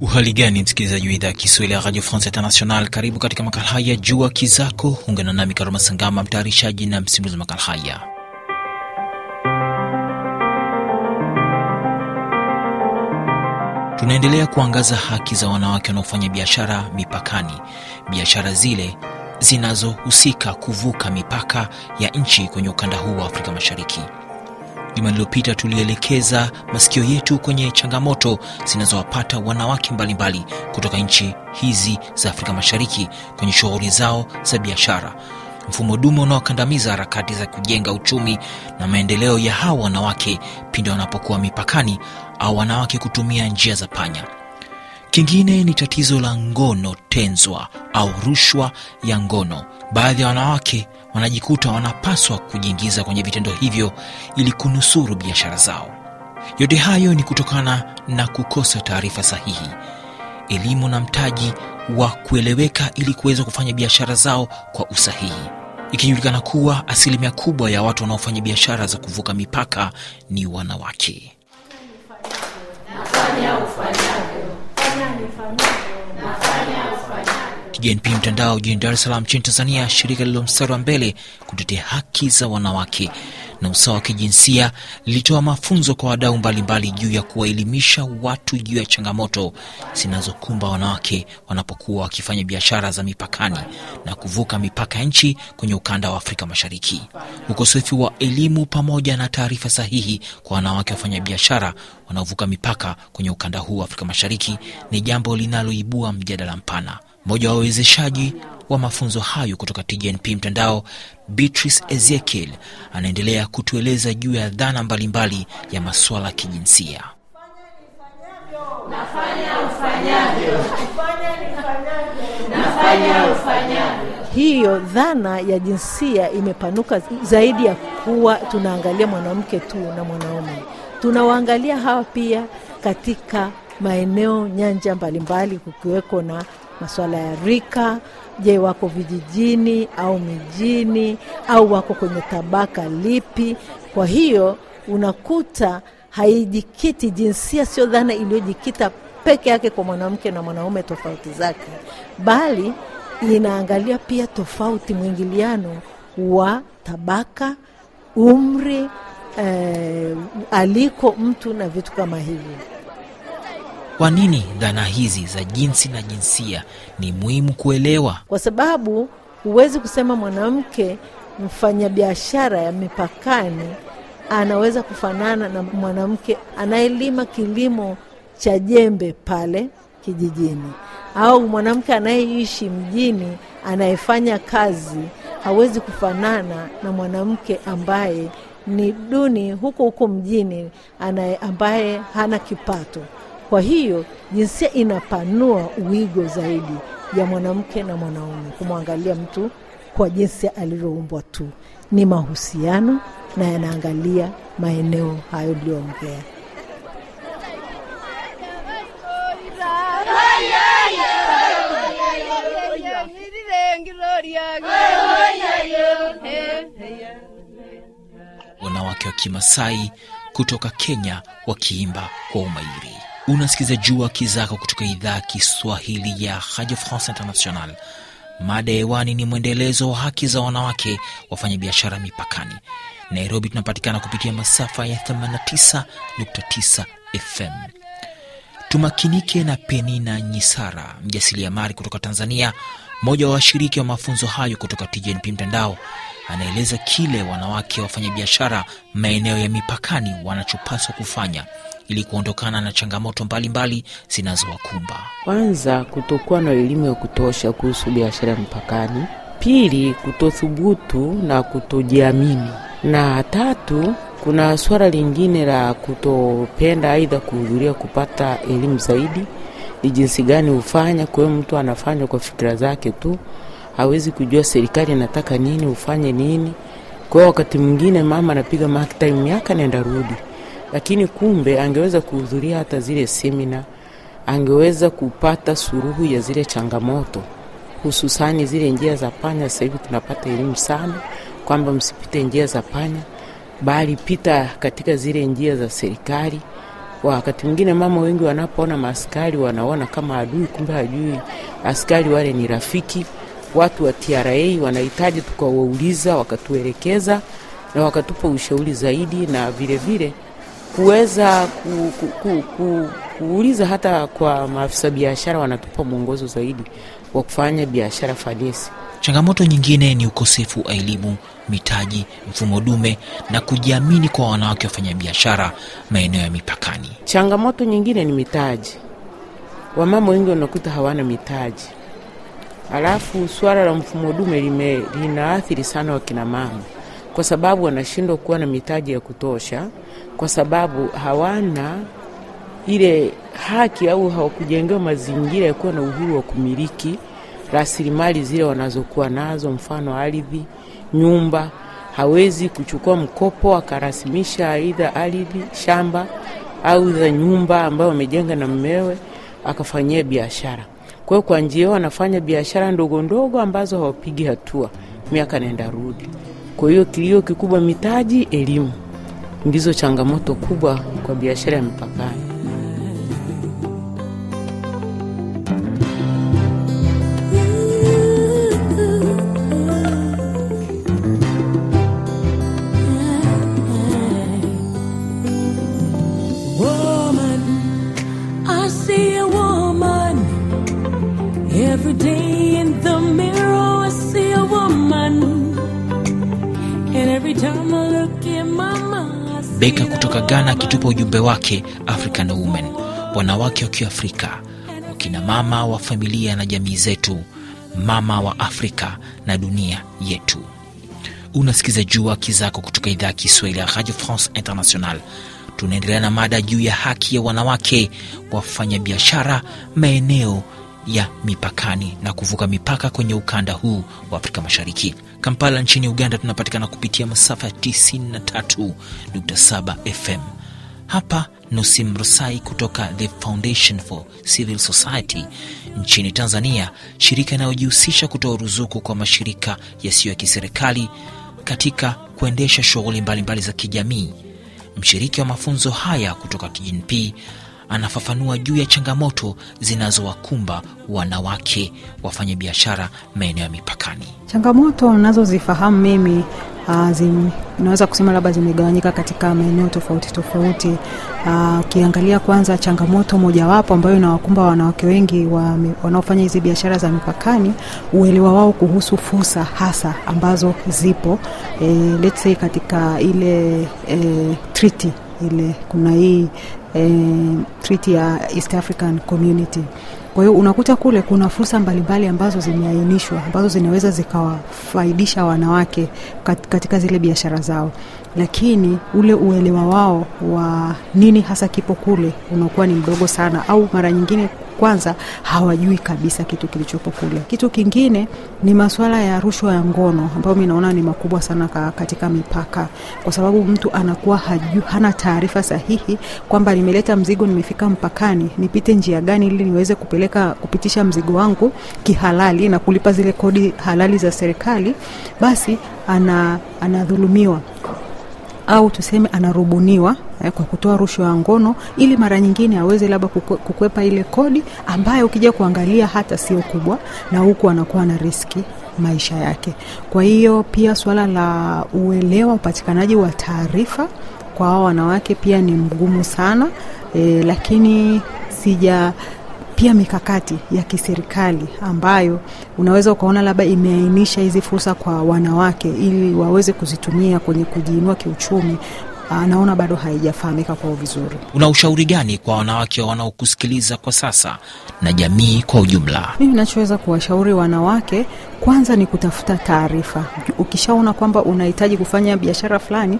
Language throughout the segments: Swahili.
Uhali gani msikilizaji wa idhaa ya Kiswahili ya Radio France International, karibu katika makala haya Jua Kizako. Ungana nami Karoma Sangama, mtayarishaji na msimulizi wa makala haya. Tunaendelea kuangaza haki za wanawake wanaofanya biashara mipakani, biashara zile zinazohusika kuvuka mipaka ya nchi kwenye ukanda huu wa Afrika Mashariki. Juma lililopita tulielekeza masikio yetu kwenye changamoto zinazowapata wanawake mbalimbali mbali kutoka nchi hizi za Afrika Mashariki kwenye shughuli zao za biashara, mfumo dume unaokandamiza harakati za kujenga uchumi na maendeleo ya hawa wanawake pindi wanapokuwa mipakani au wanawake kutumia njia za panya. Kingine ni tatizo la ngono tenzwa au rushwa ya ngono. Baadhi ya wanawake wanajikuta wanapaswa kujiingiza kwenye vitendo hivyo ili kunusuru biashara zao. Yote hayo ni kutokana na kukosa taarifa sahihi, elimu na mtaji wa kueleweka ili kuweza kufanya biashara zao kwa usahihi, ikijulikana kuwa asilimia kubwa ya watu wanaofanya biashara za kuvuka mipaka ni wanawake. Nafanya, ufanya. JNP Mtandao jijini Dar es Salaam nchini Tanzania, shirika lililo mstari wa mbele kutetea haki za wanawake na usawa wa kijinsia lilitoa mafunzo kwa wadau mbalimbali juu ya kuwaelimisha watu juu ya changamoto zinazokumba wanawake wanapokuwa wakifanya biashara za mipakani na kuvuka mipaka ya nchi kwenye ukanda wa Afrika Mashariki. Ukosefu wa elimu pamoja na taarifa sahihi kwa wanawake wafanya biashara wanaovuka mipaka kwenye ukanda huu wa Afrika Mashariki ni jambo linaloibua mjadala mpana mmoja wa wawezeshaji wa mafunzo hayo kutoka TGNP mtandao, Beatrice Ezekiel anaendelea kutueleza juu ya dhana mbalimbali ya masuala ya kijinsia. Hiyo dhana ya jinsia imepanuka zaidi ya kuwa tunaangalia mwanamke tu na mwanaume, tunawaangalia hawa pia katika maeneo nyanja mbalimbali, kukiweko na masuala ya rika. Je, wako vijijini au mijini au wako kwenye tabaka lipi? Kwa hiyo unakuta haijikiti jinsia, sio dhana iliyojikita peke yake kwa mwanamke na mwanaume, tofauti zake, bali inaangalia pia tofauti, mwingiliano wa tabaka, umri, eh, aliko mtu na vitu kama hivyo. Kwa nini dhana hizi za jinsi na jinsia ni muhimu kuelewa? Kwa sababu huwezi kusema mwanamke mfanyabiashara ya mipakani anaweza kufanana na mwanamke anayelima kilimo cha jembe pale kijijini, au mwanamke anayeishi mjini anayefanya kazi hawezi kufanana na mwanamke ambaye ni duni huko huko mjini, ambaye hana kipato. Kwa hiyo jinsia inapanua wigo zaidi ya mwanamke na mwanaume, kumwangalia mtu kwa jinsi alivyoumbwa tu, ni mahusiano na yanaangalia maeneo hayo liyoongea Wanawake wa Kimasai kutoka Kenya wakiimba kwa umairi Unasikiza Jua Kizako kutoka idhaa Kiswahili ya Radio France International. Mada ya hewani ni mwendelezo wa haki za wanawake wafanyabiashara mipakani. Nairobi tunapatikana kupitia masafa ya 89.9 FM. Tumakinike na Penina Nyisara, mari kutoka Tanzania, mmoja wa washiriki wa mafunzo hayo kutoka TJNP Mtandao, anaeleza kile wanawake wafanyabiashara maeneo ya mipakani wanachopaswa kufanya ili kuondokana na changamoto mbalimbali zinazowakumba. Kwanza, kutokuwa na elimu ya kutosha kuhusu biashara ya mpakani. Pili, kutothubutu na kutojiamini, na tatu kuna swala lingine la kutopenda aidha kuhudhuria kupata elimu zaidi, ni jinsi gani hufanya. Kwa hiyo mtu anafanya kwa fikira zake tu, hawezi kujua serikali inataka nini, ufanye nini. Kwa hiyo wakati mwingine mama anapiga mark time yake, rudi lakini kumbe angeweza kuhudhuria hata zile semina, angeweza kupata suruhu ya zile changamoto, hususani zile njia za panya. Sasa hivi tunapata elimu sana kwamba msipite njia za panya, bali pita katika zile njia za serikali. Wakati mwingine mama wengi wanapoona maaskari wanaona kama adui, kumbe hajui askari wale ni rafiki. Watu wa TRA wanahitaji tukawauliza, wakatuelekeza na wakatupa ushauri zaidi, na vilevile vile, kuweza ku, ku, ku, ku, kuuliza hata kwa maafisa biashara, wanatupa mwongozo zaidi wa kufanya biashara fanisi. Changamoto nyingine ni ukosefu wa elimu, mitaji, mfumo dume na kujiamini kwa wanawake wafanyabiashara maeneo ya mipakani. Changamoto nyingine ni mitaji, wamama wengi wanakuta hawana mitaji, alafu swala la mfumo dume lime, linaathiri sana wakinamama kwa sababu wanashindwa kuwa na mitaji ya kutosha, kwa sababu hawana ile haki au hawakujengewa mazingira ya kuwa na uhuru wa kumiliki rasilimali zile wanazokuwa nazo, mfano ardhi, nyumba. Hawezi kuchukua mkopo akarasimisha aidha ardhi, shamba au za nyumba ambayo wamejenga na mmewe akafanyia biashara. Kwa hiyo kwa njia hiyo wanafanya biashara ndogo ndogo ambazo hawapigi hatua, miaka naenda rudi. Kwa hiyo kilio kikubwa mitaji, elimu ndizo changamoto kubwa kwa biashara ya mipakani. every day in the mirror. Beka kutoka Ghana akitupa ujumbe wake African Women, wanawake wa Kiafrika, wakina mama wa familia na jamii zetu, mama wa Afrika na dunia yetu. Unasikiza juu Haki Zako kutoka idhaa ya Kiswahili ya Radio France International. Tunaendelea na mada juu ya haki ya wanawake wafanyabiashara maeneo ya mipakani na kuvuka mipaka kwenye ukanda huu wa Afrika Mashariki. Kampala nchini Uganda tunapatikana kupitia masafa ya 93.7 FM. Hapa Nusim Rusai kutoka The Foundation for Civil Society. Nchini Tanzania, shirika inayojihusisha kutoa ruzuku kwa mashirika yasiyo ya kiserikali katika kuendesha shughuli mbalimbali za kijamii. Mshiriki wa mafunzo haya kutoka TGNP anafafanua juu ya changamoto zinazowakumba wanawake wafanya biashara maeneo ya mipakani. Changamoto nazozifahamu mimi ah, naweza kusema labda zimegawanyika katika maeneo tofauti tofauti. Ah, ukiangalia kwanza, changamoto mojawapo ambayo inawakumba wanawake wengi wa, wanaofanya hizi biashara za mipakani, uelewa wao kuhusu fursa hasa ambazo zipo e, let's say katika ile e, treaty ile kuna hii e, eh, treaty ya East African Community. Kwa hiyo unakuta kule kuna fursa mbalimbali ambazo zimeainishwa ambazo zinaweza zikawafaidisha wanawake katika zile biashara zao lakini ule uelewa wao wa nini hasa kipo kule unakuwa ni mdogo sana, au mara nyingine kwanza hawajui kabisa kitu kilichopo kule. Kitu kingine ni masuala ya rushwa ya ngono ambayo mi naona ni makubwa sana katika mipaka, kwa sababu mtu anakuwa haju, hana taarifa sahihi kwamba nimeleta mzigo, nimefika mpakani, nipite njia gani ili niweze kupeleka kupitisha mzigo wangu kihalali na kulipa zile kodi halali za serikali, basi ana, anadhulumiwa au tuseme anarubuniwa eh, kwa kutoa rushwa ya ngono, ili mara nyingine aweze labda kukwepa ile kodi ambayo ukija kuangalia hata sio kubwa, na huku anakuwa na riski maisha yake. Kwa hiyo pia suala la uelewa, upatikanaji wa taarifa kwa hao wanawake pia ni mgumu sana eh, lakini sija pia mikakati ya kiserikali ambayo unaweza ukaona labda imeainisha hizi fursa kwa wanawake ili waweze kuzitumia kwenye kujiinua kiuchumi Ah, naona bado haijafahamika kwao vizuri. Una ushauri gani kwa wanawake wanaokusikiliza kwa sasa na jamii kwa ujumla? Mimi nachoweza kuwashauri wanawake kwanza ni kutafuta taarifa. Ukishaona kwamba unahitaji kufanya biashara fulani,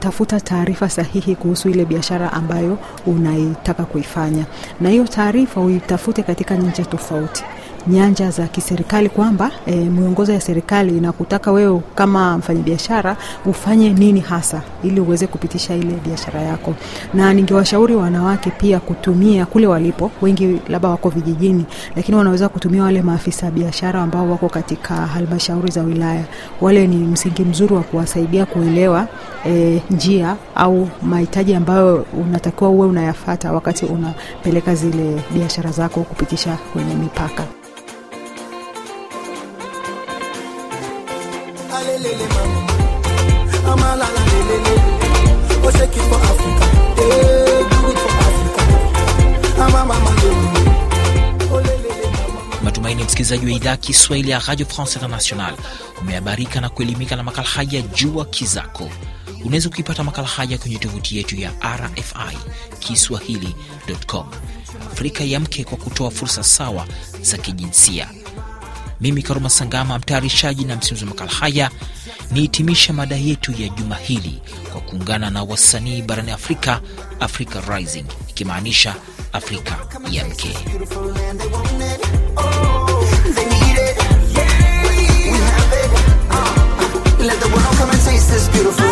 tafuta taarifa sahihi kuhusu ile biashara ambayo unaitaka kuifanya, na hiyo taarifa uitafute katika nyanja tofauti nyanja za kiserikali kwamba e, miongozo ya serikali inakutaka wewe kama mfanyabiashara ufanye nini hasa ili uweze kupitisha ile biashara yako. Na ningewashauri wanawake pia kutumia kule walipo, wengi labda wako vijijini, lakini wanaweza kutumia wale maafisa biashara ambao wako katika halmashauri za wilaya. Wale ni msingi mzuri wa kuwasaidia kuelewa e, njia au mahitaji ambayo unatakiwa uwe unayafata wakati unapeleka zile biashara zako kupitisha kwenye mipaka. matumaini msikilizaji wa idhaa Kiswahili ya Radio France International umehabarika na kuelimika na makala haya jua kizako. Unaweza kuipata makala haya kwenye tovuti yetu ya RFI Kiswahili.com. Afrika yamke kwa kutoa fursa sawa za kijinsia. Mimi Karuma Sangama, mtayarishaji na msimuzi wa makala haya, nihitimisha mada yetu ya juma hili kwa kuungana na wasanii barani Afrika, Africa Rising, ikimaanisha Afrika yamke. this beautiful